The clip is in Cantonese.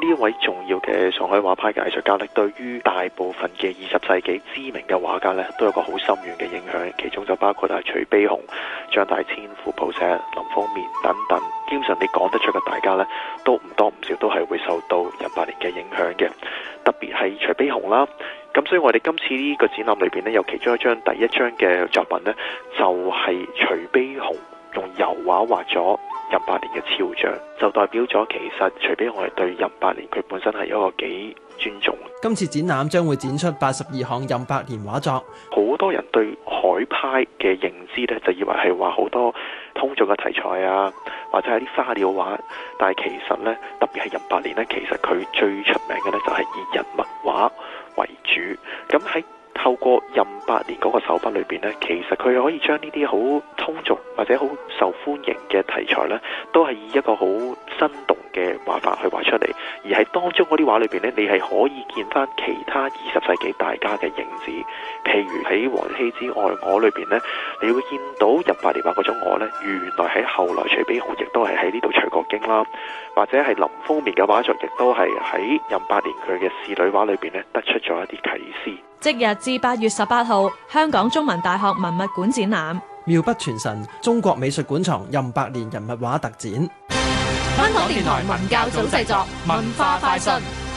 呢位重要嘅上海畫派嘅藝術家咧，對於大部分嘅二十世紀知名嘅畫家咧，都有個好深遠嘅影響。其中就包括啦，徐悲鴻、張大千、傅抱石、林風眠等等，基本上你講得出嘅大家咧，都唔多唔少都係會受到任伯年嘅影響嘅。特別係徐悲鴻啦，咁所以我哋今次呢個展覽裏邊咧，有其中一張第一張嘅作品呢，就係、是、徐悲鴻。用油畫畫咗任伯年嘅肖像，就代表咗其實，除非我哋對任伯年佢本身係一個幾尊重。今次展覽將會展出八十二項任伯年畫作，好多人對海派嘅認知咧，就以為係話好多通俗嘅題材啊，或者係啲花鳥畫，但係其實咧，特別係任伯年咧，其實佢最出名嘅咧就係以人物畫為主。咁喺透過任伯年嗰個手筆裏邊呢，其實佢可以將呢啲好通俗或者好受歡迎嘅題材呢，都係以一個好生動嘅畫法去畫出嚟。而喺當中嗰啲畫裏邊呢，你係可以見翻其他二十世紀大家嘅影子。譬如喺《王羲之外我》裏邊呢，你會見到任伯年畫嗰種我呢，原來喺後來徐悲鴻亦都係喺呢度取過經啦。或者係林風眠嘅畫作，亦都係喺任伯年佢嘅仕女畫裏邊呢，得出咗一啲啟示。即日至八月十八號，香港中文大學文物館展覽《妙不傳神：中國美術館藏任伯年人物畫特展》。香港電台文教組製作，文化快訊。